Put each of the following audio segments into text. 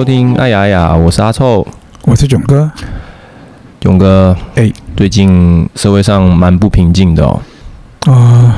收聽哎呀愛呀，我是阿臭，我是勇哥。勇哥，哎、欸，最近社會上蠻不平靜的哦。啊、呃、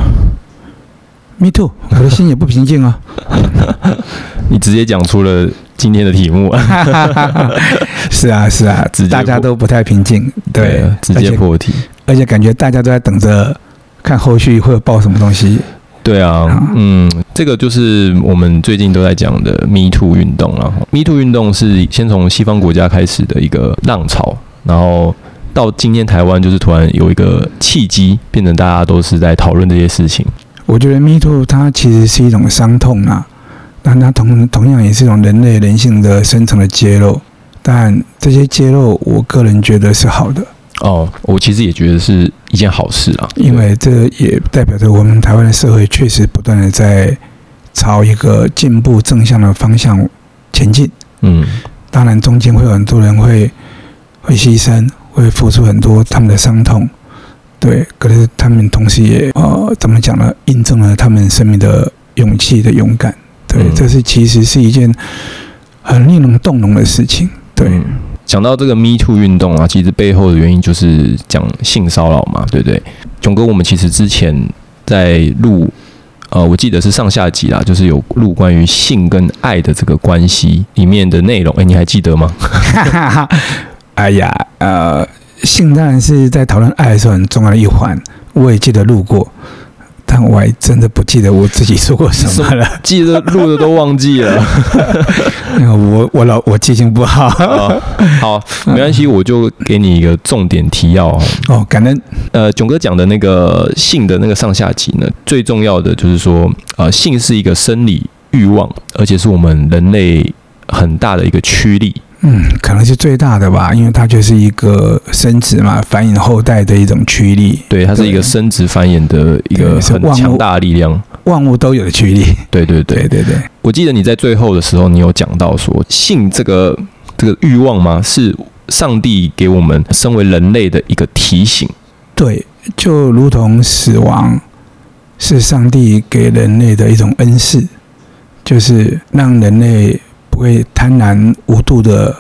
，Me too，我的心也不平靜啊、哦。 你直接講出了今天的題目啊 是啊，是啊，大家都不太平靜，對、啊，直接破題，而且感覺大家都在等着看後續會爆什麼東西。對啊，好嗯，這個就是我們最近都在講的 “Me Too” 運動了、啊。“Me Too” 運動是先從西方國家開始的一個浪潮，然後到今天台灣，就是突然有一個契機，變成大家都是在討論這些事情。我覺得 “Me Too” 它其實是一種傷痛啦、啊，但它同同樣也是一種人類人性的深層的揭露。但這些揭露，我個人覺得是好的。哦，oh, 我其實也覺得是一件好事啊，因為這也代表着我們台灣的社會確實不斷的在朝一個進步正向的方向前進。嗯，當然中間會有很多人會會犧牲，會付出很多他們的傷痛，對，可是他們同時也，呃，怎麼講呢？印證了他們生命的勇氣的勇敢，對，嗯。這是其實是一件很令人動容的事情，對。嗯講到這個 Me Too 運動啊，其實背後的原因就是講性騷擾嘛，對不對？雄哥，我們其實之前在錄，呃，我記得是上下集啦，就是有錄關於性跟愛的這個關係裡面的內容，哎，你還記得嗎？ 哎呀，呃，性當然是在討論愛的時候很重要的一環，我也記得錄過。我還真的不記得我自己說過什麼了，記得錄的都忘記了我。我我老，我記性不好。哦，好，沒關係，嗯，我就給你一個重點提要哦。感恩，呃，囧哥講的那個性的那個上下集呢，最重要的就是說，呃，性是一個生理慾望，而且是我們人類很大的一個驅力。嗯，可能是最大的吧，因為它就是一個生殖嘛，繁衍後代的一種驅力。對，它是一個生殖繁衍的一個很強大的力量，對對。萬。萬物都有驅力。對對對對對。對對對。我記得你在最後的時候，你有講到說，性這個這個欲望嗎？是上帝給我們身為人類的一個提醒。對，就如同死亡是上帝給人類的一種恩賜，就是讓人類。不會貪婪無度的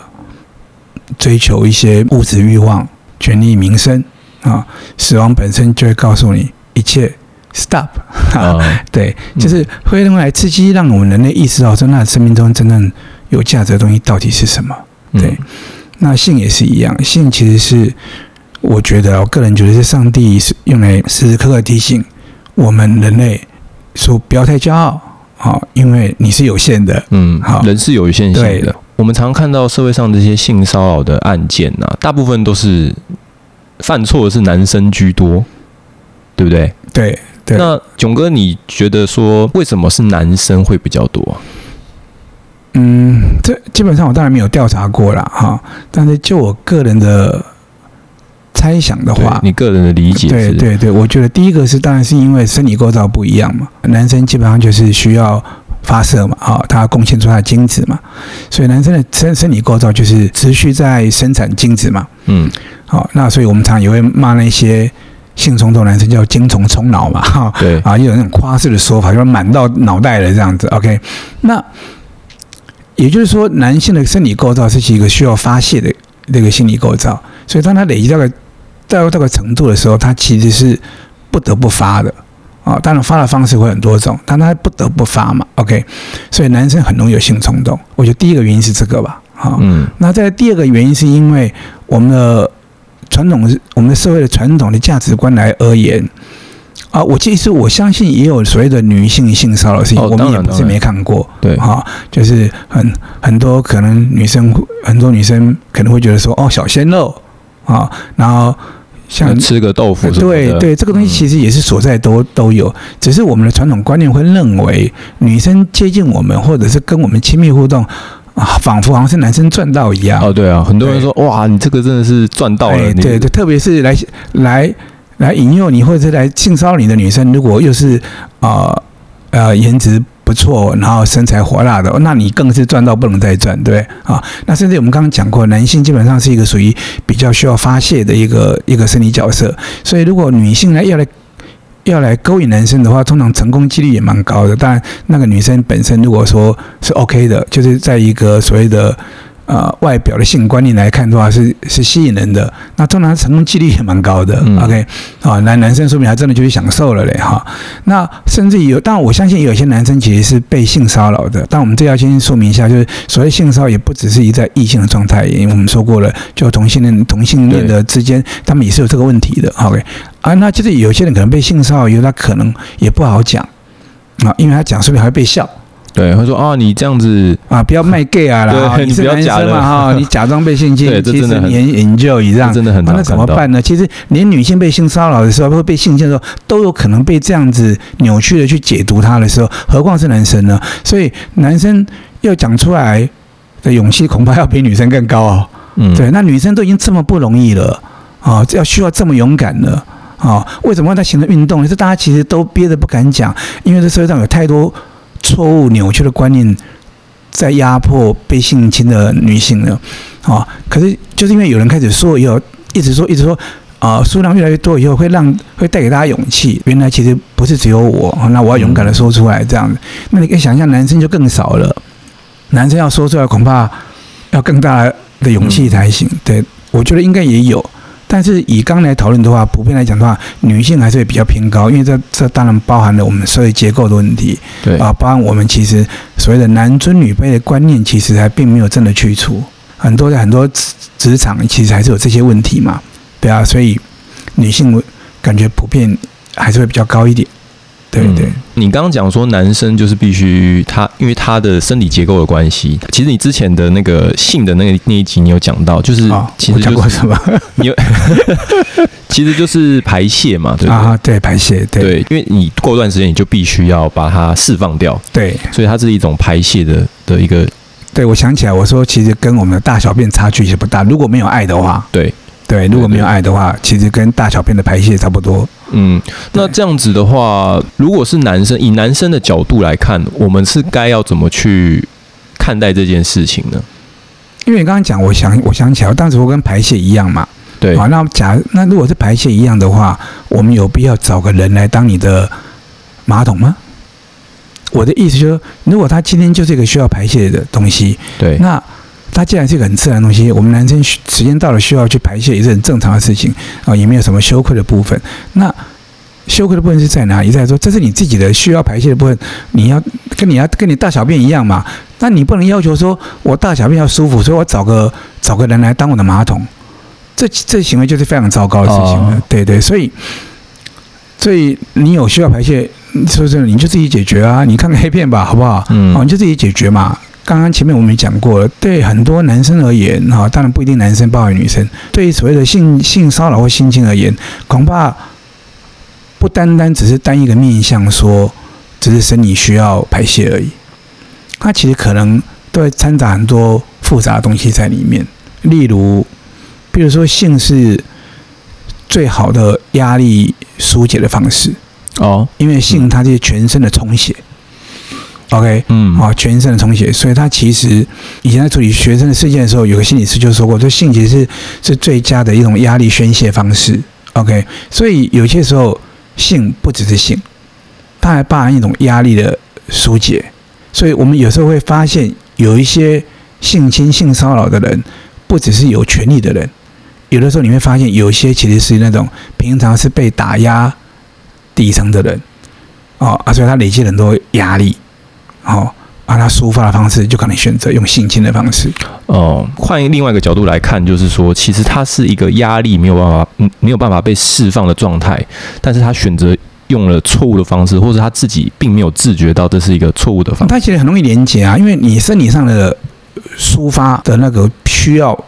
追求一些物質慾望、權力、名聲啊！死亡本身就會告訴你一切，stop，oh. 啊。對，就是會用來刺激，讓我們人類意識到說，那生命中真正有價值的東西到底是什麼？對，mm. 那性也是一樣，性其實是我覺得，我個人覺得是上帝是用來時時刻刻提醒我們人類，說不要太驕傲。好，因為你是有限的，嗯，好，人是有限性的。對我們常看到社會上這些性騷擾的案件呐、啊，大部分都是犯錯的是男生居多，對不對？對，對。那囧哥，你覺得說為什麼是男生會比較多？嗯，這基本上我當然沒有調查過了哈，但是就我個人的。猜想的話，你個人的理解是對，對對對，我覺得第一個是，當然是因為生理構造不一樣嘛。男生基本上就是需要發射嘛，啊、哦，他要貢獻出他的精子嘛，所以男生的生生理構造就是持續在生產精子嘛。嗯，好、哦，那所以我們常常也會罵那些性衝動男生叫精蟲衝腦嘛，哈、哦，對，啊，也有那種誇飾的說法，就是滿到腦袋了這樣子。OK，那也就是說，男性的生理構造是一個需要發洩的這個心理構造。所以，當他累積到個到這個程度的時候，他其實是不得不發的啊、哦。當然，發的方式會很多種，但他不得不發嘛。OK，所以男生很容易有性衝動。我覺得第一個原因是這個吧。啊、哦，嗯。那在第二個原因是因為我們的傳統，我們的社會的傳統的價值觀來而言啊。我其實我相信也有所謂的女性性騷擾事情、哦、我們也不是沒看過。對，哈、哦，就是很很多可能女生，很多女生可能會覺得說哦，小鮮肉。啊、哦，然後像吃個豆腐什麼、呃，對對，這個東西其實也是所在都都有，只是我們的傳統觀念會認為女生接近我們或者是跟我們親密互動啊，仿佛好像是男生賺到一樣。哦，對啊，很多人說對哇，你這個真的是賺到了。對、哎、對，你對特別是來來來引誘你或者是來性騷擾你的女生，如果又是啊呃,呃顏值。不錯，然後身材火辣的，那你更是賺到不能再賺，對啊。那甚至我們剛剛講過，男性基本上是一個屬於比較需要發洩的一個一個生理角色，所以如果女性來要來要來勾引男生的話，通常成功幾率也蠻高的。但那個女生本身如果說是 OK 的，就是在一個所謂的。呃，外表的性觀念來看的話是，是是吸引人的。那當然，成功幾率也蠻高的。嗯、OK，啊、哦，男男生說不定還真的就是享受了嘞、哈、哦。那甚至有，但我相信有些男生其實是被性騷擾的。但我們這要先說明一下，就是所謂性騷擾也不只是一在異性的狀態，因為我們說過了，就同性戀同性戀的之間，對 他們也是有這個問題的。OK，啊，那其實有些人可能被性騷擾，因為他可能也不好講啊、哦，因為他講說不定還會被笑。對，會說啊，你這樣子啊，不要賣 gay 啊啦，對你是男生嘛啊，你假裝被性侵， 對真的很其實你研究一樣，真的很那怎麼辦呢？其實連女性被性騷擾的時候，或者被性侵的時候，都有可能被這樣子扭曲的去解讀他的時候，何況是男生呢？所以男生要講出來的勇氣，恐怕要比女生更高、哦、嗯，對，那女生都已經這麼不容易了啊，要、哦、需要這麼勇敢了啊、哦？為什麼他形成運動，動呢？是大家其實都憋着不敢講，因為這社會上有太多。錯誤扭曲的觀念在壓迫被性侵的女性了，啊、哦！可是就是因為有人開始說以後，一直說，一直說，啊、呃，數量越來越多以後，會讓會帶給大家勇氣。原來其實不是只有我，哦、那我要勇敢的說出來，這樣子。嗯、那你可以想象，男生就更少了，男生要說出來，恐怕要更大的勇氣才行。嗯、對我覺得應該也有。但是以剛才來討論的話，普遍來講的話，女性還是會比較偏高，因為這這當然包含了我們社會結構的問題，對啊、呃，包含我們其實所謂的男尊女卑的觀念，其實還並沒有真的去除，很多的很多職職場其實還是有這些問題嘛，對啊，所以女性感覺普遍還是會比較高一點，對對。嗯你剛剛講說男生就是必須他，因為他的生理結構的關係，其實你之前的那個性的那個那一集，你有講到，就是其實、就是哦、講過什麼？你有， 其實就是排泄嘛，對不對？啊，對，排泄，對，對，因為你過段時間你就必須要把它釋放掉，對，所以它是一種排泄的的一個。對，我想起來，我說其實跟我們的大小便差距也不大，如果沒有愛的話，對，對，如果沒有愛的話，對對，其實跟大小便的排泄差不多。嗯，那這樣子的話，對如果是男生，以男生的角度來看，我們是該要怎麼去看待這件事情呢？因為你剛剛講，我想我想起來，當時我跟排泄一樣嘛，對，啊，那假那如果是排泄一樣的話，我們有必要找個人來當你的馬桶嗎？我的意思就是，如果他今天就這個需要排泄的東西，對，那。它既然是一個很自然的東西，我們男生時間到了需要去排泄，也是很正常的事情啊，也沒有什麼羞愧的部分。那羞愧的部分是在哪裡？在說，這是你自己的需要排泄的部分，你要跟你要跟你大小便一樣嘛。那你不能要求說，我大小便要舒服，所以我找個找個人來當我的馬桶，這這行為就是非常糟糕的事情了。哦、對對，所以所以你有需要排泄，是不是？你就自己解決啊，你看看黑片吧，好不好？嗯，好，你就自己解決嘛。剛剛前面我們也講過了，對很多男生而言，哈，當然不一定男生包含女生。對於所謂的性性騷擾或性侵而言，恐怕不單單只是單一個面向說，說只是生理需要排泄而已。它其實可能都會摻雜很多複雜的東西在裡面，例如，比如說性是最好的壓力疏解的方式哦，因為性它是全身的充血。OK，嗯，啊、哦，全身的充血，所以他其實以前在處理學生的事件的時候，有個心理師就說過，這性其實是是最佳的一種壓力宣泄方式。OK，所以有些時候性不只是性，它還包含一種壓力的疏解。所以我們有時候會發現，有一些性侵、性騷擾的人，不只是有權力的人，有的時候你會發現，有些其實是那種平常是被打壓底層的人，哦，而、啊、且他累積很多壓力。好，按、哦、他抒發的方式，就可能選擇用性侵的方式。哦、呃，換另外一個角度來看，就是說，其實他是一個壓力沒有辦法，沒有辦法被釋放的狀態，但是他選擇用了錯誤的方式，或者他自己並沒有自覺到這是一個錯誤的方式。方他、嗯、其實很容易連接啊，因為你身體上的抒發的那個需要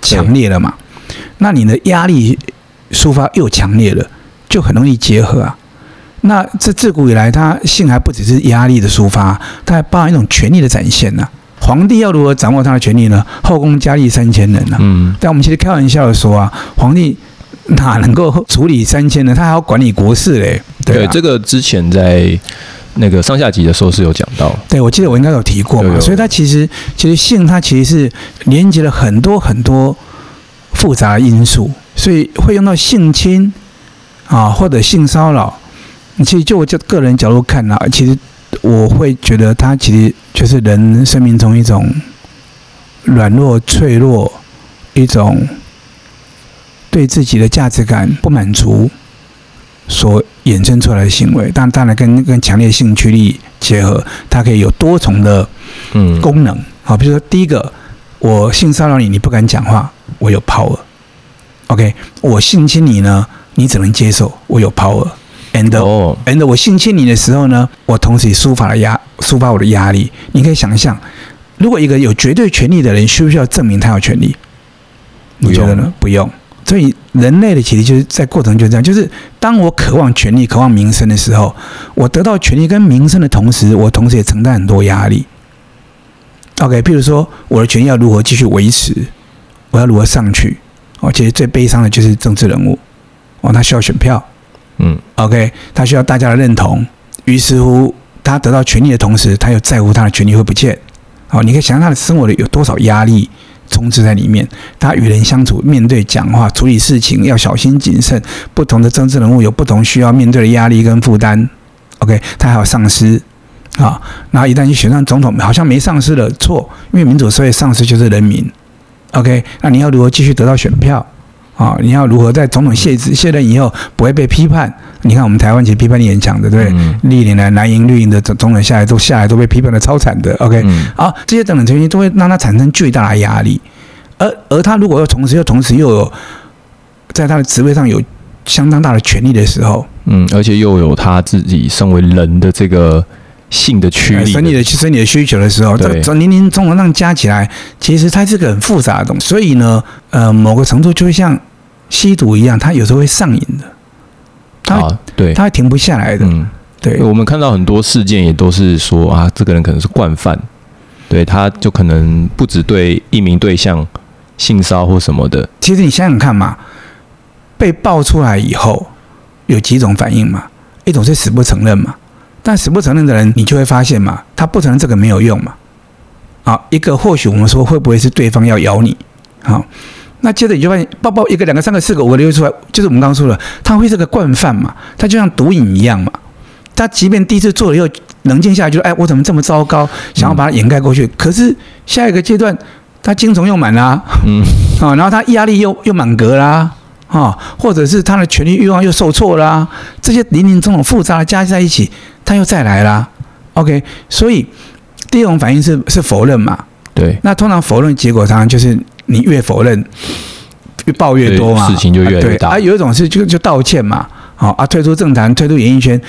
強烈了嘛，對那你的壓力抒發又強烈了，就很容易結合啊。那這自古以來，它性還不只是壓力的抒發，它還包含一種權力的展現呢、啊。皇帝要如何掌握他的權力呢？後宮佳麗三千人呢、啊？嗯。但我們其實開玩笑的說啊，皇帝哪能夠處理三千人呢？他還要管理國事嘞。對啊、對，這個之前在那個上下集的時候是有講到。對，我記得我應該有提過嘛。有有。所以他其實其實性，它其實是連接了很多很多複雜的因素，所以會用到性侵啊，或者性騷擾。其實，就我這個人角度看啊，其實我會覺得他其實就是人生命中一種軟弱、脆弱，一種對自己的價值感不滿足所衍生出來的行為。但當，當然跟跟強烈性驅力結合，它可以有多重的功能。好，比如說第一個，我性騷擾你，你不敢講話，我有 power。OK，我性侵你呢，你只能接受，我有 power。and，and、oh. and 我性侵你的時候呢，我同時也抒發了壓，抒發我的壓力。你可以想象，如果一個有絕對權力的人，需不需要證明他有權利？你覺得呢？不用，不用。所以人類的其實就是在過程就是這樣，就是當我渴望權利、渴望名聲的時候，我得到權利跟名聲的同時，我同時也承擔很多壓力。OK，譬如說我的權利要如何繼續維持？我要如何上去？我其實最悲傷的就是政治人物，哦，他需要選票。嗯，OK，他需要大家的認同，於是乎他得到權力的同時，他又在乎他的權力會不見。好，你可以想像他的生活裡有多少壓力充斥在裡面。他與人相處、面對講話、處理事情要小心謹慎。不同的政治人物有不同需要面對的壓力跟負擔。OK，他還有上司啊，然後一旦你選上總統，好像沒上司了，錯，因為民主社會上司就是人民。OK，那你要如何繼續得到選票？啊、哦，你要如何在總統卸職卸任以後不會被批判？你看我們台灣其實批判力很強的，對？嗯、歷年來藍營綠營的總總統下來都下來都被批判得超慘的。OK，啊、嗯，這些等等原因都會讓他產生巨大的壓力，而而他如果又同時又同時又有在他的職位上有相當大的權力的時候，嗯，而且又有他自己身為人的這個。性的驅力的、啊，生理的生理的需求的時候，在年齡綜合上加起來，其實它是個很複雜的東西。所以呢，呃，某個程度就會像吸毒一樣，它有時候會上癮的。它、啊、對，它會停不下來的。嗯，對。因為我們看到很多事件也都是說啊，這個人可能是慣犯，對，他就可能不止對一名對象性騷或什麼的。其實你想想看嘛，被爆出來以後，有幾種反應嘛？一種是死不承認嘛？但死不承認的人，你就會發現嘛，他不承認這個沒有用嘛。啊，一個或許我們說會不會是對方要咬你？好，那接着你就發現，抱抱一個、兩個、三個、四個，五個溜出來，就是我們剛剛說的，他會是個慣犯嘛，他就像毒癮一樣嘛，他即便第一次做了又冷靜下來，就是、哎，我怎麼這麼糟糕，想要把它掩蓋過去，嗯、可是下一個階段他精蟲又滿啦、啊，嗯，啊，然後他壓力又又滿格啦、啊。啊，或者是他的權力欲望又受挫啦、啊，這些林林總總複雜的加在一起，他又再來啦。OK，所以第一種反應是是否認嘛？對。那通常否認結果，上就是你越否認，越爆越多嘛，事情就越,越大啊。啊，有一種是就就道歉嘛，好，啊，退出政壇，退出演藝圈。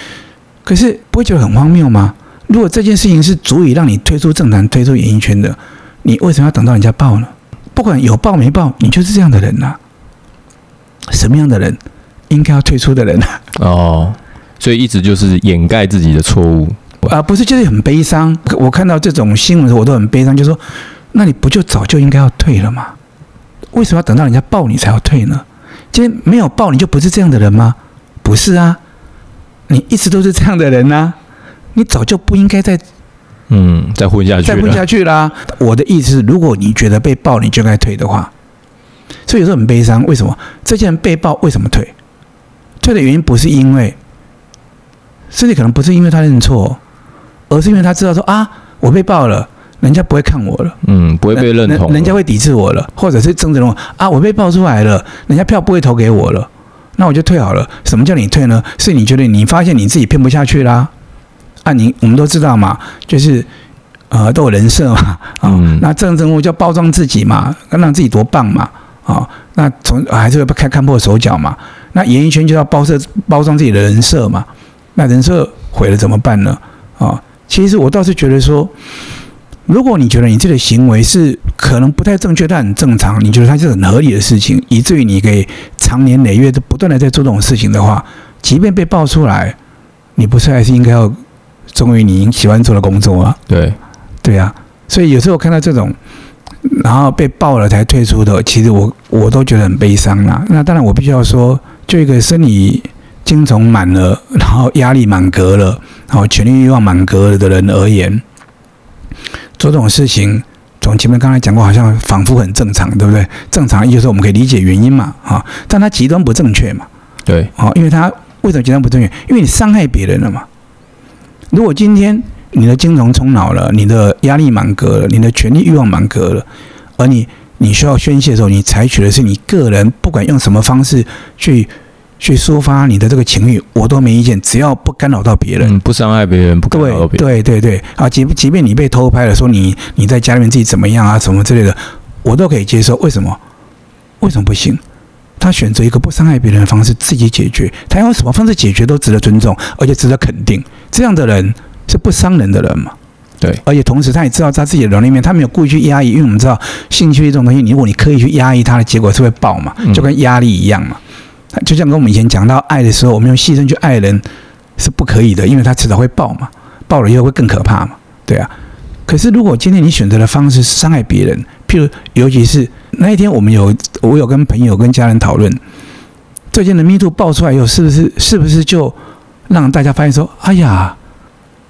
可是不會覺得很荒謬嗎？如果這件事情是足以讓你退出政壇、退出演藝圈的，你為什麼要等到人家爆呢？不管有爆沒爆，你就是這樣的人吶、啊。什麼樣的人應該要退出的人啊？哦，oh, 所以一直就是掩蓋自己的錯誤啊、呃，不是就是很悲傷？我看到這種新聞，我都很悲傷。就是、說，那你不就早就應該要退了嗎？為什麼要等到人家爆你才要退呢？今天沒有爆你，就不是這樣的人嗎？不是啊，你一直都是這樣的人吶、啊。你早就不應該再嗯再混下去，再混下去啦、啊。我的意思是，如果你覺得被爆你就該退的話。所以有時候很悲傷，為什麼這些人被爆？為什麼退？退的原因不是因為，甚至可能不是因為他認錯，而是因為他知道說啊，我被爆了，人家不會看我了，嗯，不會被認同人人，人家會抵制我了，或者是政治人物啊，我被爆出來了，人家票不會投給我了，那我就退好了。什麼叫你退呢？是你覺得你發現你自己騙不下去啦、啊？啊你，你我們都知道嘛，就是呃，都有人設嘛，啊、哦，嗯、那政治人物叫包裝自己嘛，讓自己多棒嘛。哦、啊，那從還是會被看看破手腳嘛，那演藝圈就要包設包裝自己的人設嘛，那人設毀了怎麼辦呢？啊、哦，其實我倒是覺得說，如果你覺得你這個行為是可能不太正確，但很正常，你覺得它是很合理的事情，以至於你可以長年累月的不斷的在做這種事情的話，即便被爆出來，你不是還是應該要忠於你喜歡做的工作啊？對，對呀、啊，所以有時候看到這種。然後被爆了才退出的，其實我我都覺得很悲傷啦、啊。那當然，我必須要說，就一個生理精蟲滿了，然後壓力滿格了，然後權力欲望滿格了的人而言，做這種事情，從前面剛才講過，好像仿佛很正常，對不對？正常，也就是我們可以理解原因嘛，啊？但他極端不正確嘛，對，啊？因為他為什麼極端不正確？因為你傷害別人了嘛。如果今天。你的金融沖腦了，你的壓力滿格了，你的權力慾望滿格了，而你你需要宣洩的時候，你採取的是你個人不管用什麼方式去去抒發你的這個情緒，我都沒意見，只要不干擾到別人，嗯、不傷害別人，不干擾別人，對對對，對，啊，即即便你被偷拍了，說你你在家裡面自己怎麼樣啊，什麼之類的，我都可以接受。為什麼？為什麼不行？他選擇一個不傷害別人的方式自己解決，他用什麼方式解決都值得尊重，而且值得肯定。這樣的人。是不傷人的人嘛？對，而且同時他也知道他自己的軟的一面，他沒有故意去壓抑，因為我們知道興趣這種東西，你如果你刻意去壓抑，它的結果是會爆嘛，就跟壓力一樣嘛。就像跟我們以前講到愛的時候，我們用犧牲去愛人是不可以的，因為他遲早會爆嘛，爆了以後會更可怕嘛。對啊，可是如果今天你選擇的方式是傷害別人，譬如尤其是那一天，我們有我有跟朋友跟家人討論，最近的 MeToo 爆出來以後，是不是是不是就讓大家發現說，哎呀？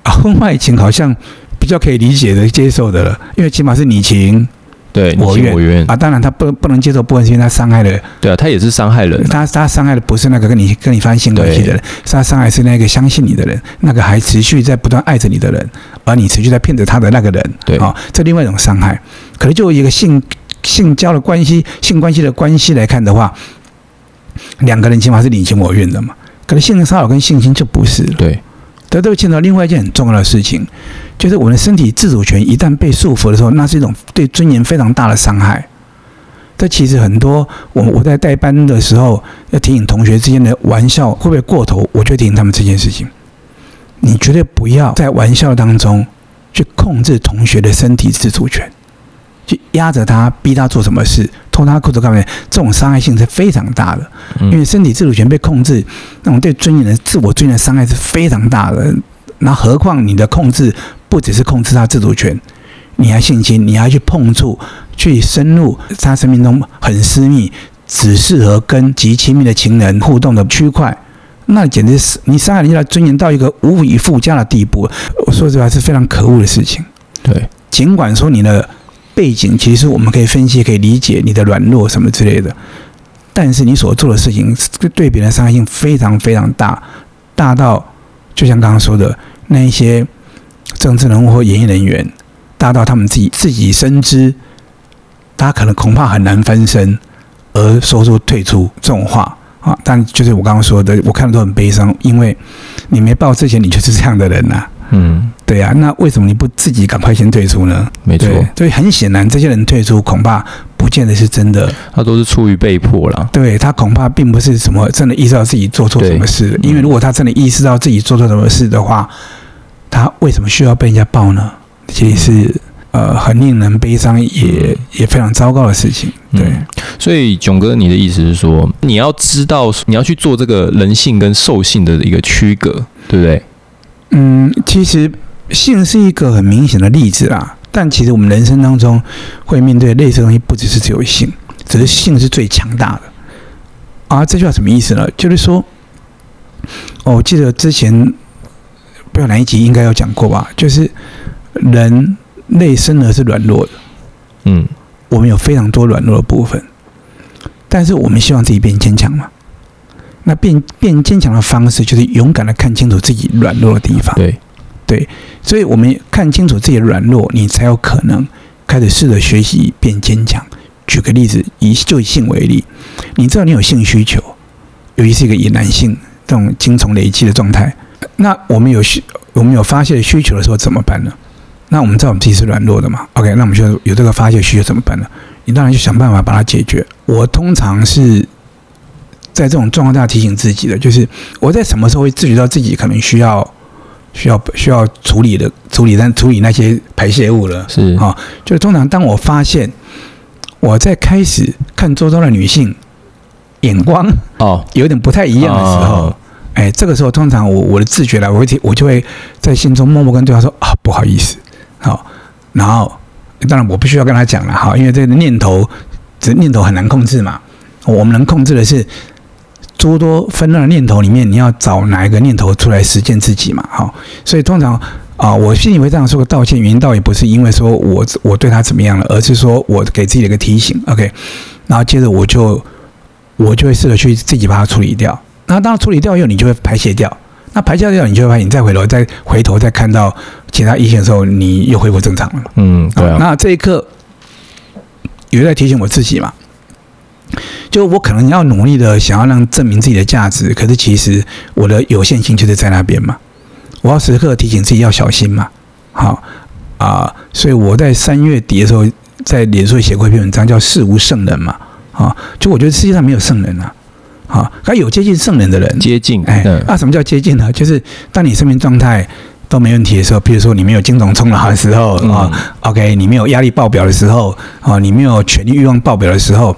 啊、婚外情好像比較可以理解的、接受的了，因為起碼是你情，對你情我願啊。當然，他不不能接受的部分是因為他傷害了。對啊，他也是傷害人、啊他。他他傷害的不是那個跟你跟你發生性關係的人，對是他傷害是那個相信你的人，那個還持續在不斷愛着你的人，而你持續在騙着他的那個人。對啊、哦，這另外一種傷害。可能就有一個性性交的關係、性關係的關係來看的話，兩個人起碼是你情我願的嘛。可能性騷擾跟性侵就不是了。對。得這見到另外一件很重要的事情，就是我們的身體自主權一旦被束縛的時候，那是一種對尊嚴非常大的傷害。這其實很多，我我在帶班的時候要提醒同學之間的玩笑會不會過頭，我就提醒他們這件事情：你絕對不要在玩笑當中去控制同學的身體自主權。去壓着他，逼他做什麼事，脫他褲子幹嘛？這種傷害性是非常大的，因為身體自主權被控制，那種對尊嚴的自我尊嚴的傷害是非常大的。那何況你的控制不只是控制他自主權，你還性侵，你還去碰觸，去深入他生命中很私密、只適合跟極親密的情人互動的區塊，那簡直是你傷害人家的尊嚴到一個無以復加的地步。我說實話，是非常可惡的事情。對，儘管說你的。背景其實我們可以分析，可以理解你的軟弱什麼之類的，但是你所做的事情對別人傷害性非常非常大，大到就像剛剛說的那一些政治人物或演藝人員，大到他們自己自己深知，他可能恐怕很難翻身而說出退出這種話啊。但就是我剛剛說的，我看的都很悲傷，因為你沒報之前你就是這樣的人吶，啊。嗯，對啊，那為什麼你不自己趕快先退出呢？沒錯，所以很顯然，這些人退出恐怕不見得是真的，他都是出於被迫了。對他恐怕並不是什麼真的意識到自己做錯什麼事，對因為如果他真的意識到自己做錯什麼事的話，嗯、他為什麼需要被人家爆呢？其實是，嗯、呃，很令人悲傷也，也、嗯、也非常糟糕的事情。嗯、對，所以囧哥，你的意思是說，你要知道你要去做這個人性跟獸性的一個區隔，對不對？嗯，其實性是一個很明顯的例子啦。但其實我們人生當中會面對的類似的東西，不只是只有性，只是性是最強大的。而、啊、這句話什麼意思呢？就是說，哦，我記得之前不知道哪一集應該有講過吧？就是人類生而是軟弱的，嗯，我們有非常多軟弱的部分，但是我們希望自己變堅強嘛。那變變堅強的方式，就是勇敢的看清楚自己軟弱的地方。對，對，所以我們看清楚自己軟弱，你才有可能開始試着學習變堅強。舉個例子，以就以性為例，你知道你有性需求，尤其是一個以男性這種精蟲累積的狀態，那我們有需我們有發洩的需求的時候怎麼辦呢？那我們知道我們自己是軟弱的嘛。OK，那我們就有這個發洩需求怎麼辦呢？你當然就想辦法把它解決。我通常是。在這種狀況下提醒自己的就是，我在什麼時候會自覺到自己可能需要、需要、需要處理的處理，但處理那些排泄物了，是啊、哦。就通常當我發現我在開始看周遭的女性眼光哦，有點不太一樣的時候，哎、哦欸，這個時候通常我我的自覺來，我會提，我就會在心中默默跟對方說啊，不好意思，好、哦。然後、欸、當然我不需要跟他講了哈，因為這個念頭，這念頭很難控制嘛。我們能控制的是。諸多紛亂的念頭裡面，你要找哪一個念頭出來實踐自己嘛？好、哦，所以通常啊、呃，我是以為這樣說個道歉，原因倒也不是因為說我我對他怎麼樣了，而是說我給自己一個提醒。OK，然後接着我就我就會試着去自己把它處理掉。那當處理掉以後，你就會排泄掉。那排泄掉以後，你就會發現你再回頭再回頭再看到其他異性的時候，你又恢復正常了。嗯，對、啊哦。那這一刻有在提醒我自己嘛？就我可能要努力的想要讓證明自己的價值，可是其實我的有限性就是在那邊嘛，我要時刻提醒自己要小心嘛。好啊、呃，所以我在三月底的時候在臉書寫過一篇文章，叫“世無聖人”嘛。啊，就我覺得世界上沒有聖人啊。好，那有接近聖人的人，接近哎。那、嗯啊、什麼叫接近呢？就是當你生命狀態。都沒問題的時候，譬如說你沒有精蟲衝腦的時候啊、嗯、，OK，你沒有壓力爆表的時候，你沒有權力欲望爆表的時候，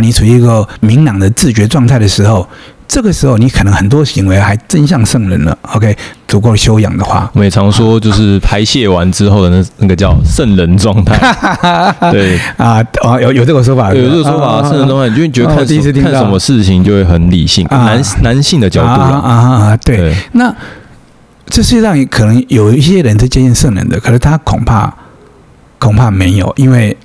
你處於一個明朗的自覺狀態的時候，這個時候你可能很多行為還真像聖人了，OK，足夠修養的話。我們也常說就是排泄完之後的那那個叫聖人狀態。對啊，對啊，有有這個說法，有這個說法，聖、啊啊啊啊、人狀態你就覺得看啊啊啊看什麼事情就會很理性，啊啊男男性的角度啊，啊啊啊啊啊對，對那。這世界上可能有一些人是接近聖人的，可是他恐怕恐怕沒有，因為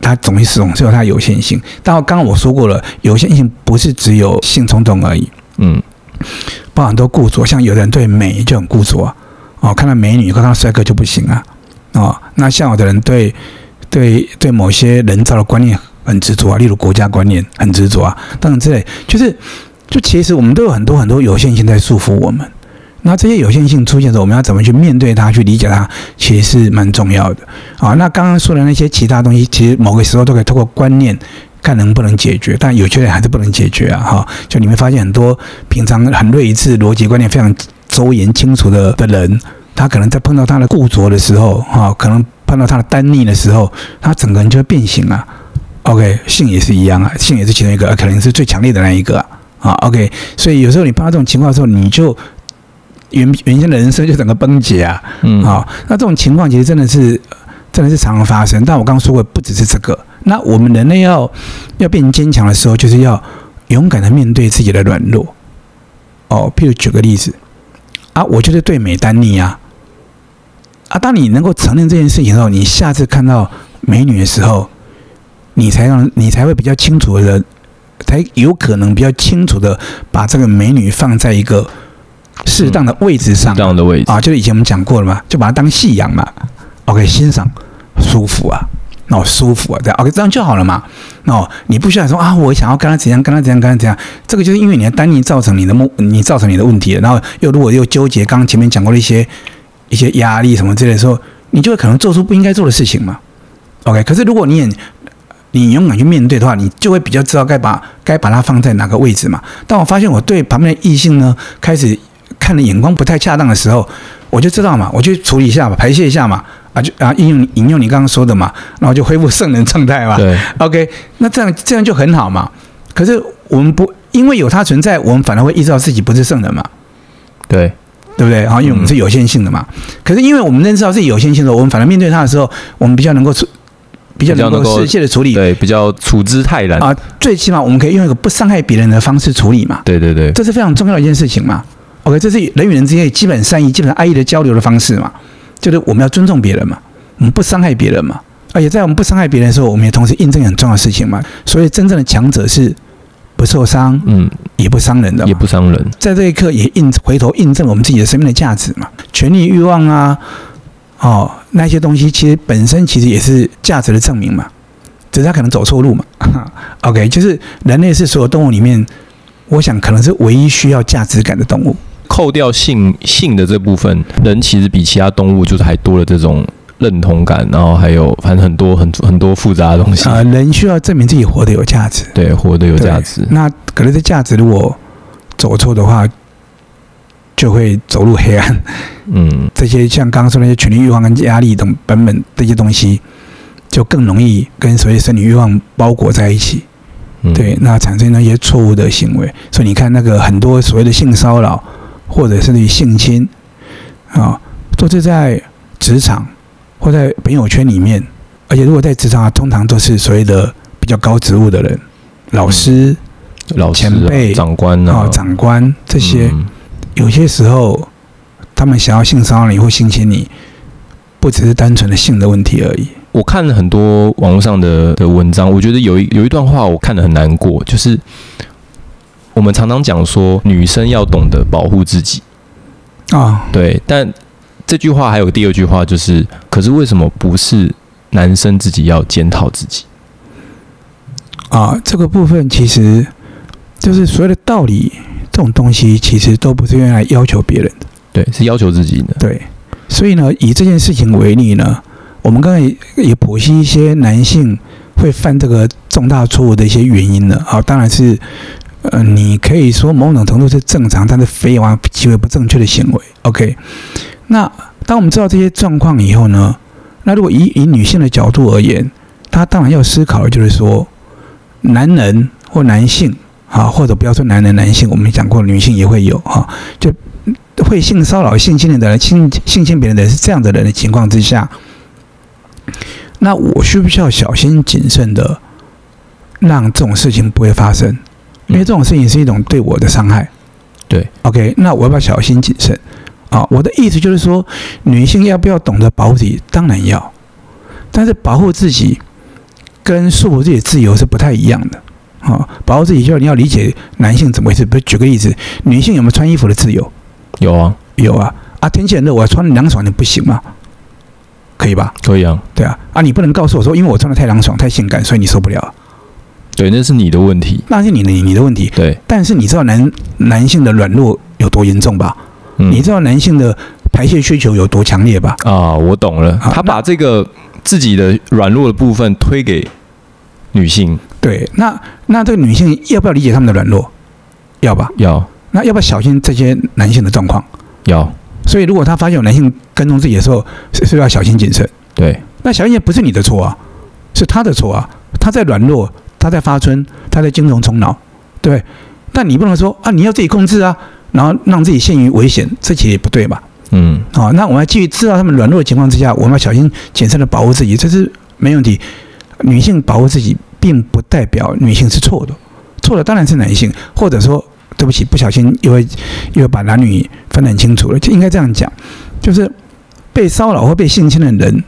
他總是總是有他有限性。但剛剛我說過了，有限性不是只有性衝動而已，嗯，包含很多固著，像有的人對美就很固著啊，哦，看到美女看到帥哥就不行啊，哦，那像有的人對對對某些人造的觀念很執着啊，例如國家觀念很執着啊，等等之類，就是就其實我們都有很多很多有限性在束縛我們。那這些有限性出現的時候，我們要怎麼去面對它、去理解它，其實是蠻重要的啊。那剛剛說的那些其他東西，其實某個時候都可以透過觀念看能不能解決，但有些人還是不能解決啊。哈，就你會發現很多平常很睿智、邏輯觀念非常周延清楚的的人，他可能在碰到他的固着的時候，哈，可能碰到他的單逆的時候，他整個人就會變形了啊。OK，性也是一樣啊，性也是其中一個，可能是最強烈的那一個啊。OK，所以有時候你碰到這種情況的時候，你就。原原先的人生就整個崩解啊！嗯，好、哦，那這種情況其實真的是，真的是常常發生。但我剛剛說過，不只是這個。那我們人類要要變堅強的時候，就是要勇敢的面對自己的軟弱。哦，譬如舉個例子，啊，我就是對美丹女啊。啊，當你能夠承認這件事情後，你下次看到美女的時候，你才讓你才會比較清楚的，人，才有可能比較清楚的把這個美女放在一個。適當的位置上，適當的位置啊，就是以前我們講過了嘛，就把它當夕陽嘛。OK，欣賞，舒服啊，哦、no,，舒服啊，這樣 OK，這樣就好了嘛。哦、no,，你不需要說啊，我想要跟他怎樣，跟他怎樣，跟他怎樣。這個就是因為你的單寧造成你的夢，你造成你的問題了。然後又如果又糾結，剛剛前面講過的一些一些壓力什麼之類的時候，你就會可能做出不應該做的事情嘛。OK，可是如果你也你勇敢去面對的話，你就會比較知道該把該把它放在哪個位置嘛。但我發現我對旁邊的異性呢，開始。看的眼光不太恰當的時候，我就知道嘛，我就處理一下嘛，排泄一下嘛，啊就啊應用引用你剛剛說的嘛，然後就恢復聖人狀態嘛，對，OK，那這樣這樣就很好嘛。可是我們不因為有它存在，我們反而會意識到自己不是聖人嘛，對，對不對？啊，因為我們是有限性的嘛。嗯，可是因為我們認識到自己有限性的，我們反而面對他的時候，我們比較能夠處，比較能夠實際的處理，對，比較處之泰然啊。最起碼我們可以用一個不傷害別人的方式處理嘛，對對對，這是非常重要的一件事情嘛。OK，這是人與人之間基本善意、基本愛意的交流的方式嘛，就是我們要尊重別人嘛，我們不傷害別人嘛。而且在我們不傷害別人的時候，我們也同時印證很重要的事情嘛。所以真正的強者是不受傷，嗯，也不傷人的，也不傷人。在這一刻也印回頭印證我們自己的生命的價值嘛。權力欲望啊，哦，那些東西其實本身其實也是價值的證明嘛，只是他可能走錯路嘛。 OK，就是人類是所有動物裡面，我想可能是唯一需要價值感的動物。扣掉性、性的這部分，人其實比其他動物就是還多了這種認同感，然後還有反正很多很很多複雜的東西啊、呃。人需要證明自己活得有價值，對，活得有價值。那可能這價值如果走錯的話，就會走入黑暗。嗯，這些像剛剛說的那些權力欲望跟壓力等等本本這些東西，就更容易跟所謂生理欲望包裹在一起。嗯、對，那產生那些錯誤的行為。所以你看那個很多所謂的性騷擾。或者是你性侵，啊、哦，都是在職場或在朋友圈裡面。而且如果在職場、啊、通常都是所謂的比較高職務的人，老師、嗯、老師、啊、前輩、長官啊、哦，長官這些。嗯、有些時候，他們想要性騷擾你或性侵你，不只是單純的性的問題而已。我看了很多網絡上的的文章，我覺得有一有一段話，我看得很難過，就是。我們常常講說，女生要懂得保護自己啊，哦、對。但這句話還有第二句話，就是，可是為什麼不是男生自己要檢討自己？啊，這個部分其實就是所謂的道理，這種東西其實都不是用來要求別人的，對，是要求自己的。對，所以呢，以這件事情為例呢，我們剛才也剖析一些男性會犯這個重大錯誤的一些原因呢。啊，當然是。呃，你可以說某種程度是正常，但是非常極為不正確的行為。OK，那當我們知道這些狀況以後呢？那如果以以女性的角度而言，她當然要思考的就是說，男人或男性，啊，或者不要說男人男性，我們講過女性也會有啊，就會性騷擾、性侵的人、性性侵別人的人是這樣的人的情況之下，那我需不需要小心謹慎的讓這種事情不會發生？因為這種事情是一種對我的傷害，嗯、對，OK，那我要不要小心謹慎？啊、哦，我的意思就是說，女性要不要懂得保護自己？當然要，但是保護自己跟束縛自己的自由是不太一樣的。啊、哦，保護自己就是你要理解男性怎麼回事。比如，舉個例子，女性有沒有穿衣服的自由？有啊，有啊。啊，天氣很熱，我要穿涼爽的，不行嗎？可以吧？可以啊。對啊。啊，你不能告訴我說，因為我穿的太涼爽、太性感，所以你受不了。對，那是你的問題，那是你的你的問題。對，但是你知道男男性的軟弱有多嚴重吧？嗯，你知道男性的排泄需求有多強烈吧？啊，我懂了，啊，他把這個自己的軟弱的部分推給女性。對，那那這個女性要不要理解他們的軟弱？要吧？要。那要不要小心這些男性的狀況？要。所以如果他發現有男性跟蹤自己的時候，是不是要小心謹慎？對，那小心也不是你的錯啊，是他的錯啊，他在軟弱。他在發春，他在精蟲衝腦，對，對。但你不能說啊，你要自己控制啊，然後讓自己陷於危險，這其實也不對吧？嗯，好，那我們要繼續知道他們軟弱的情況之下，我們要小心謹慎的保護自己，這是沒問題。女性保護自己，並不代表女性是錯的，錯的當然是男性。或者說，對不起，不小心又會又會把男女分得很清楚了，就應該這樣講，就是被騷擾或被性侵的人，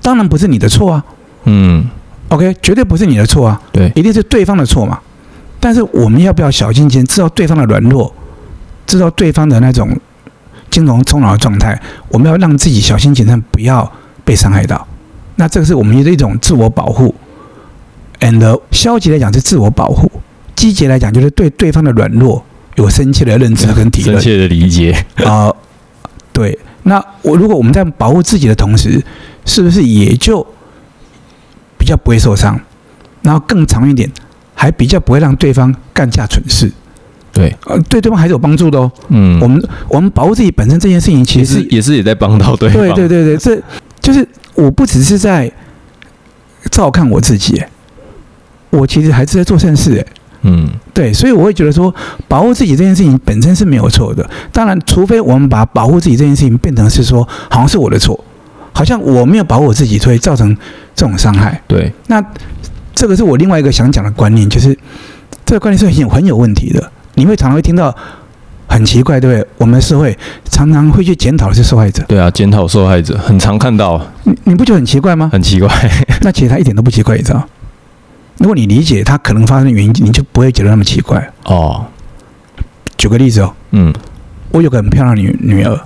當然不是你的錯啊。嗯。OK，絕對不是你的錯啊，對，一定是對方的錯嘛。但是我們要不要小心謹慎，知道對方的軟弱，知道對方的那種精蟲衝腦的狀態，我們要讓自己小心謹慎，不要被傷害到。那這個是我們的一種自我保護，呃，消極來講是自我保護，積極來講就是對對方的軟弱有深切的認知跟體會，深切的理解啊。Uh, 對，那我如果我們在保護自己的同時，是不是也就？比較不會受傷，然後更長一點，還比較不會讓對方幹下蠢事。對，呃，對，對對方還是有幫助的哦。嗯我，我們我們保護自己本身這件事情，其實是也，是也是也在幫到對方。對對對對，這就是我不只是在照看我自己，我其實還是在做善事。嗯，對，所以我會覺得說，保護自己這件事情本身是沒有錯的。當然，除非我們把保護自己這件事情變成是說，好像是我的錯。好像我沒有把我自己推造成這種傷害，對。那這個是我另外一個想講的觀念，就是這個觀念是很很有問題的。你會常常會聽到很奇怪，對不對？我們的社會常常會去檢討些受害者，對啊，檢討受害者很常看到。你你不覺得很奇怪嗎？很奇怪。 那其實它一點都不奇怪，你知道？如果你理解它可能發生的原因，你就不會覺得那麼奇怪哦。舉個例子哦，嗯，我有個很漂亮的女女兒，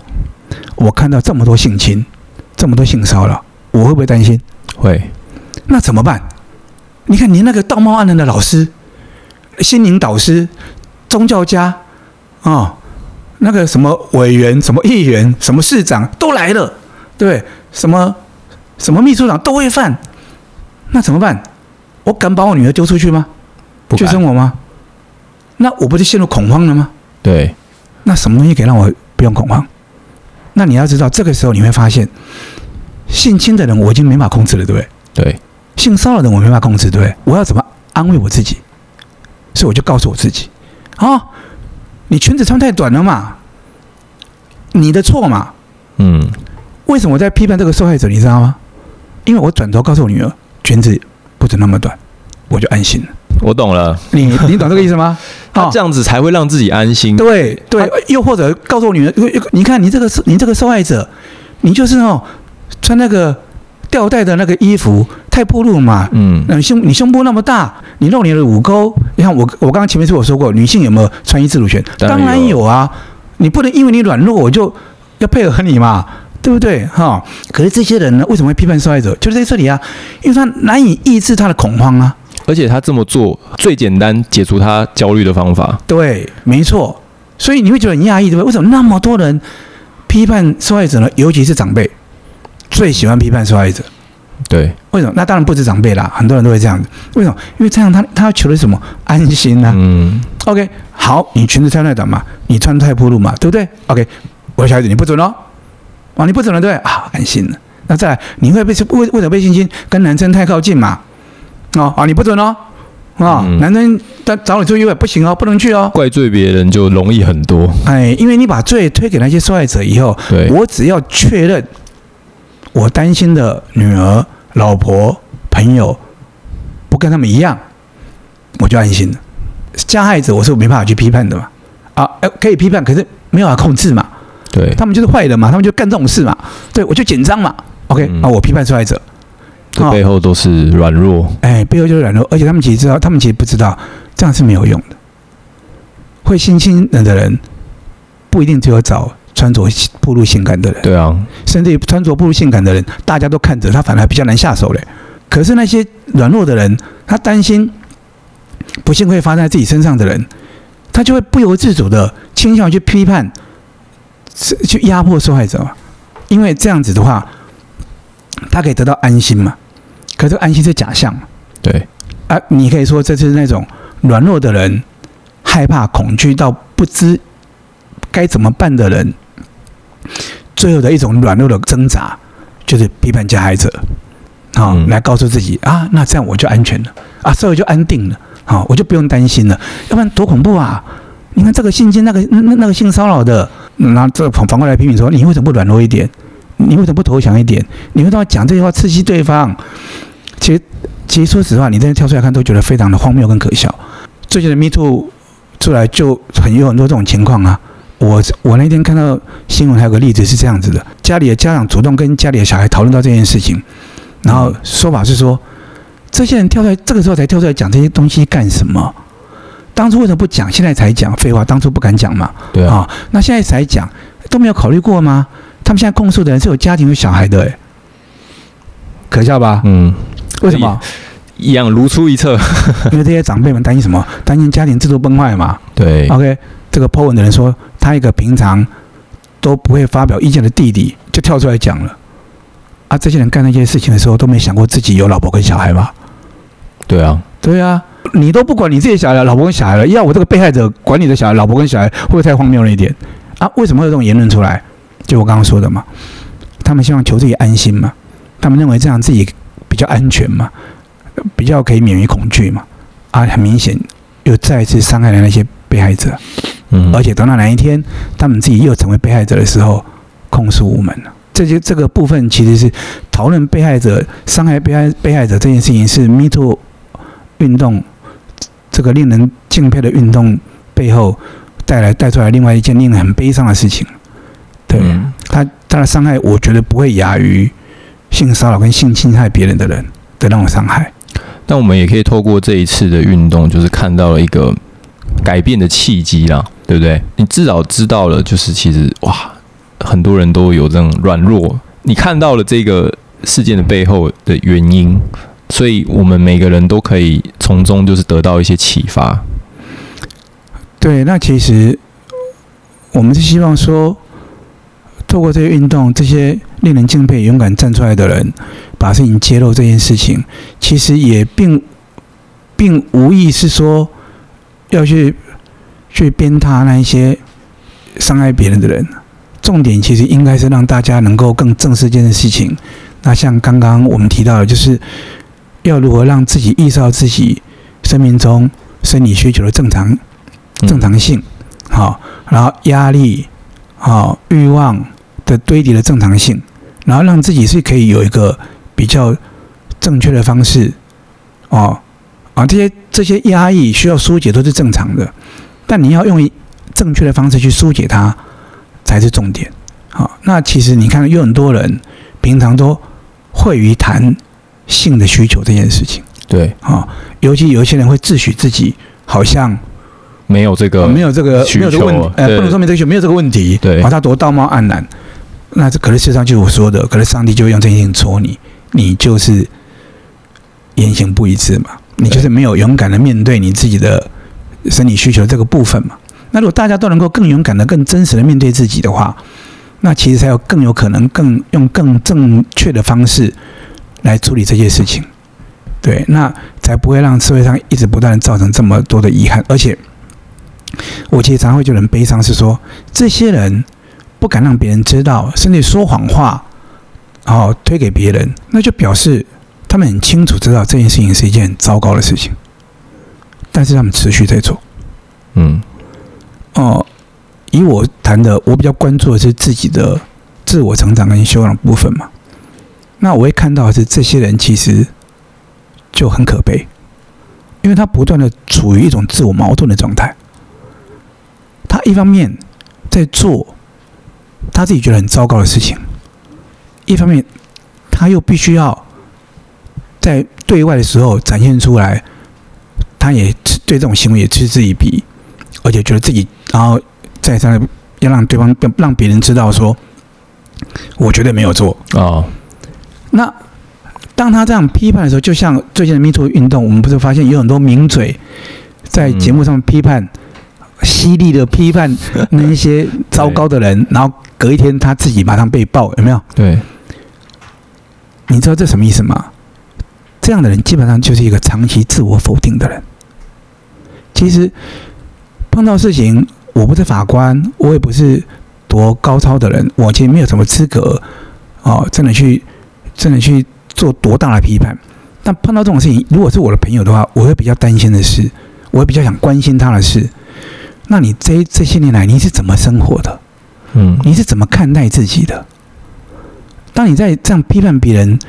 我看到這麼多性侵。這麼多性騷擾，我會不會擔心？會。那怎麼辦？你看，連那個道貌岸然的老師、心靈導師、宗教家啊、哦，那個什麼委員、什麼議員、什麼市長都來了，對，對，什麼什麼秘書長都會犯。那怎麼辦？我敢把我女兒丟出去嗎？不敢。生我嗎？那我不就陷入恐慌了嗎？對。那什麼東西可以讓我不用恐慌？那你要知道，這個時候你會發現。性侵的人我已經沒辦法控制了，對不對？對，性騷擾的人我沒辦法控制，對不對？我要怎麼安慰我自己？所以我就告訴我自己：“啊、哦、你裙子穿太短了嘛，你的錯嘛。”嗯，為什麼我在批判這個受害者？你知道嗎？因為我轉頭告訴我女兒：“裙子不准那麼短。”我就安心了。我懂了，你你懂這個意思嗎？ 哦、他這樣子才會讓自己安心。對對，對他又或者告訴我女兒：“你看，你這個你這個受害者，你就是哦。”穿那個吊帶的那個衣服，太暴露嘛？嗯，你胸你胸部那麼大，你露你的乳溝。你看我，我剛剛前面是我說過，女性有沒有穿衣自主權？當然，當然有啊！你不能因為你軟弱，我就要配合你嘛，對不對？哈！可是這些人呢，為什麼會批判受害者？就是在這裡啊，因為他難以抑制他的恐慌啊。而且他這麼做，最簡單解除他焦慮的方法，對，沒錯。所以你會覺得很壓抑，對不對？為什麼那麼多人批判受害者呢？尤其是長輩。最喜歡批判受害者，對，為什麼？那當然不止長輩啦，很多人都會這樣子。為什麼？因為這樣他他要求的是什麼？安心吶、啊。嗯。OK，好，你裙子穿太短嘛，你穿太暴露嘛，對不對？OK，我小孩子你不准哦。啊、哦，你不准了，對啊，好，安心，那再來，你會被為為了被性侵，跟男生太靠近嘛？啊、哦、啊，你不准哦。啊、哦，嗯、男生他找你出去約會不行哦，不能去哦。怪罪別人就容易很多。哎，因為你把罪推給那些受害者以後，對我只要確認。我擔心的女兒、老婆、朋友不跟他們一樣，我就安心了。加害者我是沒辦法去批判的嘛，啊，欸、可以批判，可是沒有辦法控制嘛。對，他們就是壞人嘛，他們就幹這種事嘛。對，我就緊張嘛。OK，、嗯、啊，我批判受害者。這背後都是軟弱。哎、哦欸，背後就是軟弱，而且他們其實知道，他們其實不知道，這樣是沒有用的。會心輕人的人不一定只有找。穿着暴露性感的人，對啊，甚至於穿着暴露性感的人，大家都看着他，反而還比較難下手嘞。可是那些軟弱的人，他擔心不幸會發生在自己身上的人，他就會不由自主的傾向去批判，去壓迫受害者嘛。因為這樣子的話，他可以得到安心嘛。可是安心是假象。對，啊，你可以說這就是那種軟弱的人，害怕、恐懼到不知該怎麼辦的人。最後的一種軟弱的掙扎，就是批判加害者，好，來告訴自己啊，那這樣我就安全了啊，所以就安定了，好，我就不用擔心了。要不然多恐怖啊！你看這個性侵，那個那那個性騷擾的，那、嗯啊、這反過來批評說，你為什麼不軟弱一點？你為什麼不投降一點？你為什麼要講這些話刺激對方？其實其實說實話，你這樣跳出來看，都覺得非常的荒謬跟可笑。最近的 MeToo 出來就很有很多這種情況啊。我我那天看到新聞，還有個例子是這樣子的：家裡的家長主動跟家裡的小孩討論到這件事情，然後說法是說，這些人跳出來這個時候才跳出來講這些東西幹什麼？當初為什麼不講？現在才講，廢話，當初不敢講嘛？對啊、哦，那現在才講，都沒有考慮過嗎？他們現在控訴的人是有家庭有小孩的，欸，可笑吧？嗯，為什麼？一樣如出一轍， 因為這些長輩們擔心什麼？擔心家庭制度崩壞嘛？對。OK，這個 po 文的人說。他一個平常都不會發表意見的弟弟就跳出來講了，啊，這些人幹那些事情的時候都沒想過自己有老婆跟小孩吧？對啊，對啊，你都不管你自己小孩了，老婆跟小孩了，要我這個被害者管你的小孩，老婆跟小孩，會不會太荒謬了一點？啊，為什麼會有這種言論出來？就我剛剛說的嘛，他們希望求自己安心嘛，他們認為這樣自己比較安全嘛，比較可以免於恐懼嘛，啊，很明顯又再次傷害了那些。被害者，嗯，而且等到哪一天他們自己又成為被害者的時候，控訴無門了。這些這個部分其實是討論被害者傷害被害被害者這件事情是，是 MeToo 運動這個令人敬佩的運動背後帶來帶出來另外一件令人很悲傷的事情。對，他他、嗯、的傷害，我覺得不會亞於性騷擾跟性侵害別人的人的那種傷害。但我們也可以透過這一次的運動，就是看到了一個。改變的契機啦，對不對？你至少知道了，就是其實哇，很多人都有這種軟弱。你看到了這個事件的背後的原因，所以我們每個人都可以從中就是得到一些啟發。對，那其實我們是希望說，透過這些運動，這些令人敬佩、勇敢站出來的人，把事情揭露這件事情，其實也並並無意是說。要去去鞭撻那一些傷害別人的人，重點其實應該是讓大家能夠更正視這件事情。那像剛剛我們提到的，就是要如何讓自己意識到自己生命中生理需求的正常正常性，好、嗯哦，然後壓力、好、哦、慾望的堆疊的正常性，然後讓自己是可以有一個比較正確的方式，哦。啊，這些這些壓抑需要疏解都是正常的，但你要用正確的方式去疏解它才是重點。好、哦，那其實你看有很多人平常都諱於談性的需求這件事情。對，啊、哦，尤其有一些人會自詡自己好像對、哦、沒有這個、啊、沒有這個沒有這個問，呃求，不能說沒這些沒有這個問題，對，啊、呃，這個、對他多道貌岸然，對那這可能事實上就是我說的，可能上帝就用真心戳你，你就是言行不一致嘛。你就是沒有勇敢的面對你自己的生理需求的這個部分嘛？那如果大家都能夠更勇敢的、更真實的面對自己的話，那其實才有更有可能、更用更正確的方式來處理這些事情。對，那才不會讓社會上一直不斷的造成這麼多的遺憾。而且，我其實常常會覺得悲傷，是說這些人不敢讓別人知道，甚至說謊話，然、哦、後推給別人，那就表示。他們很清楚知道這件事情是一件很糟糕的事情，但是他們持續在做。嗯，哦、呃，以我談的，我比較關注的是自己的自我成長跟修養的部分嘛。那我會看到的是這些人其實就很可悲，因為他不斷的處於一種自我矛盾的狀態。他一方面在做他自己覺得很糟糕的事情，一方面他又必須要。在對外的時候展現出來，他也對這種行為也嗤之以鼻，而且覺得自己，然後在上面要讓對方、讓別人知道說，我絕對沒有做啊。Oh. 那當他這樣批判的時候，就像最近的 MeToo 運動，我們不是發現有很多名嘴在節目上批判，嗯、犀利的批判那一些糟糕的人， 對然後隔一天他自己馬上被爆，有沒有？對，你知道這什麼意思嗎？這樣的人基本上就是一個長期自我否定的人。其實碰到事情，我不是法官，我也不是多高超的人，我其實沒有什麼資格啊、哦，真的去真的去做多大的批判。但碰到這種事情，如果是我的朋友的話，我會比較擔心的是，我會比較想關心他的事。那你這這些年來你是怎麼生活的？嗯，你是怎麼看待自己的？當你在這樣批判別人，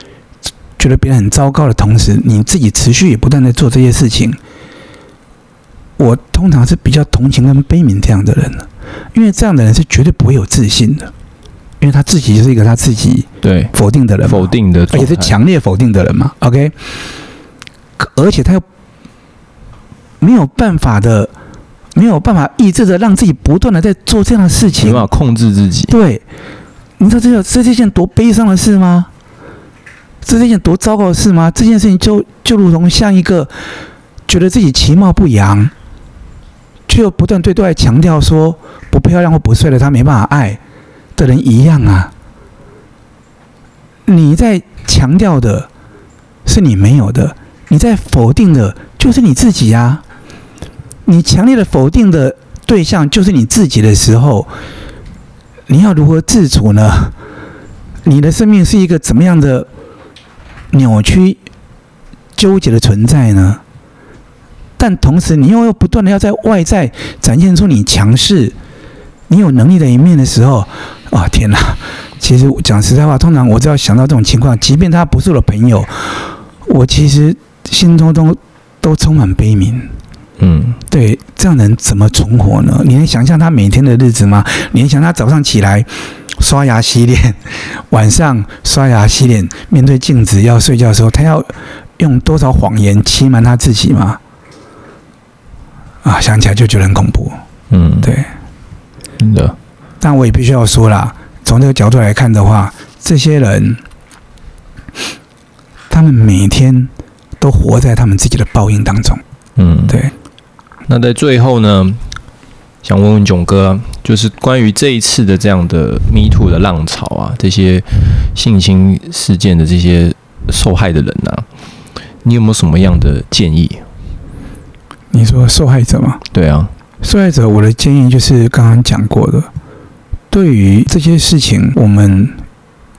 覺得別人很糟糕的同時，你自己持續也不斷在做這些事情。我通常是比較同情跟悲憫這樣的人，因為這樣的人是絕對不會有自信的，因為他自己就是一個他自己對否定的人，對否定的，定的而且是強烈否定的人嘛。OK，而且他又沒有辦法的，沒有辦法抑制着讓自己不斷的在做這樣的事情，沒有辦法控制自己。對，你知道這個這這件多悲傷的事嗎？這是一件多糟糕的事嗎？這件事情就就如同像一個覺得自己其貌不揚，卻又不斷對對外強調說不漂亮或不帥的他沒辦法愛的人一樣啊！你在強調的是你沒有的，你在否定的就是你自己呀，啊！你強烈的否定的對象就是你自己的時候，你要如何自處呢？你的生命是一個怎麼樣的？扭曲、糾結的存在呢？但同時，你又要不斷的要在外在展現出你強勢、你有能力的一面的時候，啊，天哪、啊！其實講實在話，通常我只要想到這種情況，即便他不是我的朋友，我其實心中都都充滿悲憫。嗯，對，這樣人怎麼存活呢？你能想象他每天的日子嗎？你能想象他早上起來？刷牙洗臉，晚上刷牙洗臉，面對鏡子要睡覺的時候，他要用多少謊言欺瞞他自己嗎？啊，想起來就覺得很恐怖。嗯，對，真的。但我也必須要說了，從這個角度來看的話，這些人，他們每天都活在他們自己的報應當中。嗯，對。那在最後呢？想問問囧哥，就是關於這一次的這樣的 “Me Too” 的浪潮啊，這些性侵事件的這些受害的人呢、啊，你有沒有什麼樣的建議？你說受害者嗎？對啊，受害者，我的建議就是剛剛講過的，對於這些事情，我們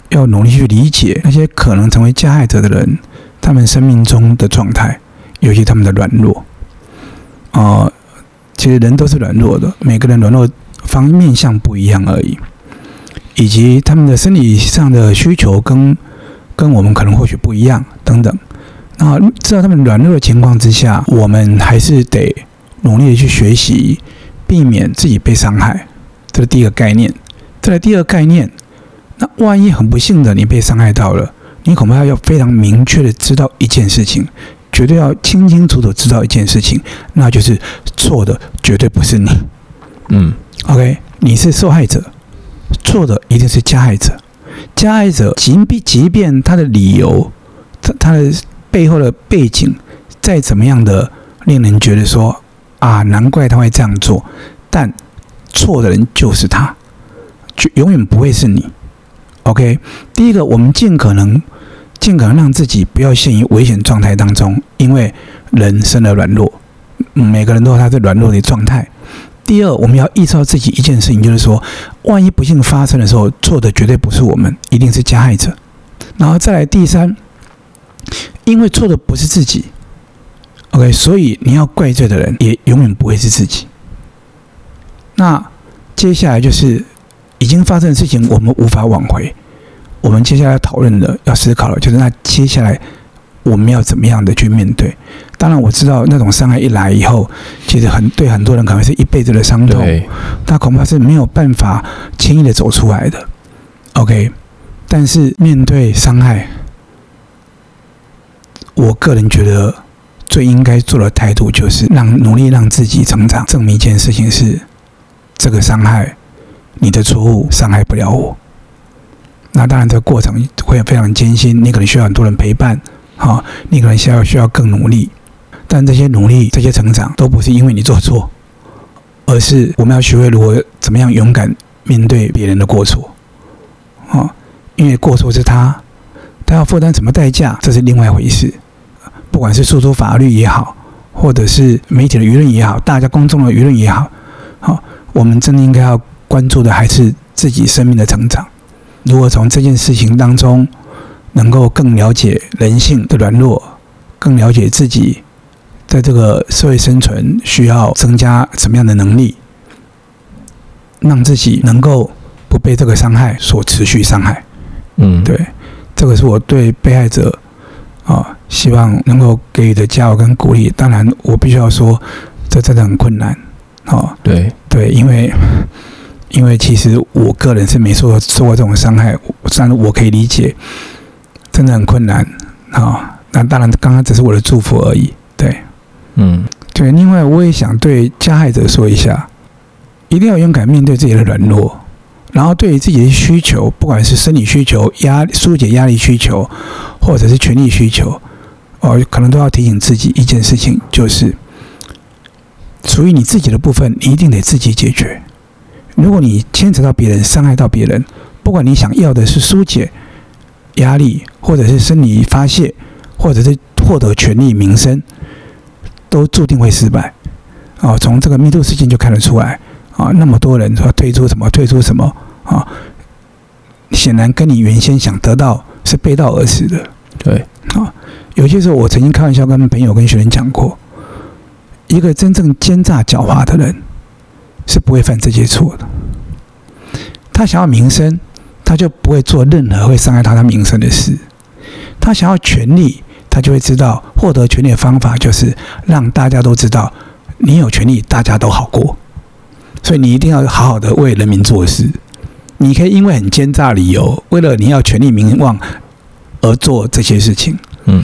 要努力去理解那些可能成為加害者的人，他們生命中的狀態，尤其他們的軟弱，啊、呃。其實人都是軟弱的，每個人軟弱方面向不一樣而已，以及他們的生理上的需求跟跟我們可能或許不一樣等等。那知道他們軟弱的情況之下，我們還是得努力的去學習，避免自己被傷害。這是第一個概念。再來第二個概念，那萬一很不幸的你被傷害到了，你恐怕要非常明確的知道一件事情。絕對要清清楚楚知道一件事情，那就是錯的絕對不是你，嗯，OK，你是受害者，錯的一定是加害者，加害者即便即便他的理由，他他的背後的背景再怎麼樣的令人覺得說啊，難怪他會這樣做，但錯的人就是他，就永遠不會是你，OK，第一個我們盡可能。盡可能讓自己不要陷於危險狀態當中，因為人生的軟弱，每個人都有他的軟弱的狀態。第二，我們要意識到自己一件事情，就是說，萬一不幸發生的時候，錯的絕對不是我們，一定是加害者。然後再來第三，因為錯的不是自己，OK，所以你要怪罪的人也永遠不會是自己。那接下來就是已經發生的事情，我們無法挽回。我們接下來要討論的、要思考的就是，那接下來我們要怎麼樣的去面對？當然，我知道那種傷害一來以後，其實很對很多人可能是一輩子的傷痛，他對恐怕是沒有辦法輕易的走出來的。OK，但是面對傷害，我個人覺得最應該做的態度就是讓努力讓自己成長，證明一件事情是，這個傷害你的錯誤傷害不了我。那當然，這個過程會非常艱辛。你可能需要很多人陪伴，哈、哦，你可能需要需要更努力。但這些努力、這些成長，都不是因為你做錯，而是我們要學會如何怎麼樣勇敢面對別人的過錯，啊、哦，因為過錯是他，他要負擔什麼代價，這是另外一回事。不管是訴諸法律也好，或者是媒體的輿論也好，大家公眾的輿論也好，好、哦，我們真的應該要關注的還是自己生命的成長。如何從這件事情當中，能夠更了解人性的軟弱，更了解自己，在這個社會生存需要增加什麼樣的能力，讓自己能夠不被這個傷害所持續傷害？嗯，對，這個是我對被害者啊、哦，希望能夠給予的加油跟鼓勵。當然，我必須要說，這真的很困難，啊、哦，對對，因為。因為其實我個人是沒受過受過這種傷害，但是我可以理解，真的很困難啊、哦。那當然，剛剛只是我的祝福而已。對，嗯，對。另外，我也想對加害者說一下，一定要勇敢面對自己的軟弱。然後，對於自己的需求，不管是生理需求、壓、疏解壓力需求，或者是權力需求，哦，可能都要提醒自己一件事情，就是屬於你自己的部分，你一定得自己解決。如果你牽扯到別人，傷害到別人，不管你想要的是疏解壓力，或者是生理發洩，或者是獲得權力名聲，都注定會失敗。啊、哦，從這個 MeToo 事件就看得出來。啊、哦，那麼多人說退出什麼，退出什麼，啊、哦，顯然跟你原先想得到是背道而馳的。對。啊、哦，有些時候我曾經開玩笑跟朋友、跟學生講過，一個真正奸詐狡猾的人。是不會犯這些錯的。他想要名聲，他就不會做任何會傷害他的名聲的事。他想要權力，他就會知道獲得權力的方法就是讓大家都知道你有權力，大家都好過。所以你一定要好好的為人民做事。你可以因為很奸詐的理由，為了你要權力名望而做這些事情。嗯，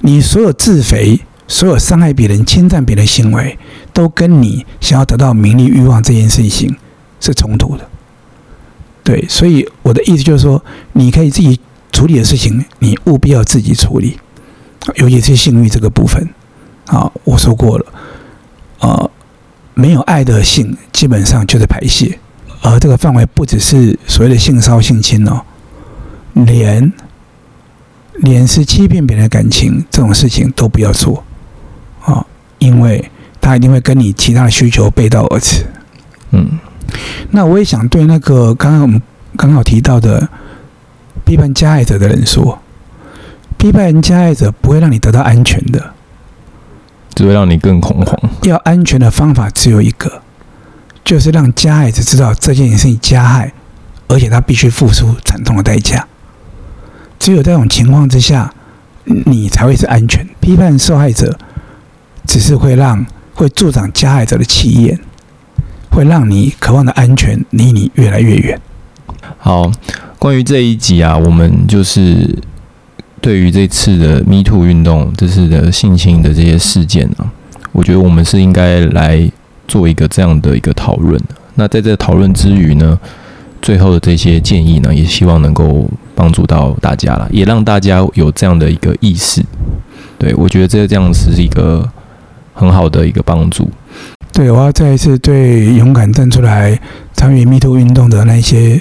你所有自肥、所有傷害別人、侵占別人的行為。都跟你想要得到名利慾望這件事情是衝突的，對，所以我的意思就是說，你可以自己處理的事情，你務必要自己處理。尤其是性慾這個部分，啊、哦，我說過了，啊、呃，沒有愛的性，基本上就是排泄，而這個範圍不只是所謂的性騷性侵哦，連連是欺騙別人的感情這種事情都不要做，啊、哦，因為。他一定會跟你其他的需求背道而馳。嗯，那我也想對那個剛剛我們剛剛提到的批判加害者的人說：批判加害者不會讓你得到安全的，只會讓你更恐慌。要安全的方法只有一個，就是讓加害者知道這件事是你加害，而且他必須付出慘痛的代價。只有這種情況之下，你才會是安全。批判受害者只是會讓。會助長加害者的氣焰，會讓你渴望的安全離你越來越遠。好，關於這一集啊，我們就是對於這次的 MeToo 運動，這次的性侵的這些事件啊，我覺得我們是應該來做一個這樣的一個討論。那在這討論之餘呢，最後的這些建議呢，也希望能夠幫助到大家了，也讓大家有這樣的一個意識。對，我覺得這個這樣子是一個。很好的一個幫助。對，我要再一次對勇敢站出來參與 MeToo 運動的那些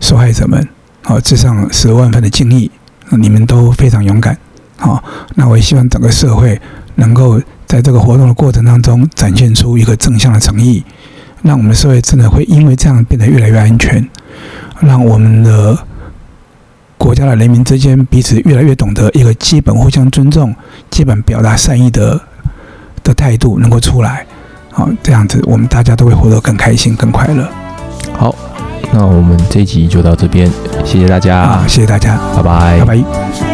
受害者們，好、哦、致上十萬分的敬意。你們都非常勇敢，好、哦、那我也希望整個社會能夠在這個活動的過程當中展現出一個正向的誠意，讓我們社會真的會因為這樣變得越來越安全，讓我們的國家的人民之間彼此越來越懂得一個基本互相尊重、基本表達善意的。的態度能夠出來，好、哦，這樣子我們大家都會活得更開心、更快樂。好，那我們這集就到這邊，謝謝大家，啊、謝謝大家，拜拜，拜拜。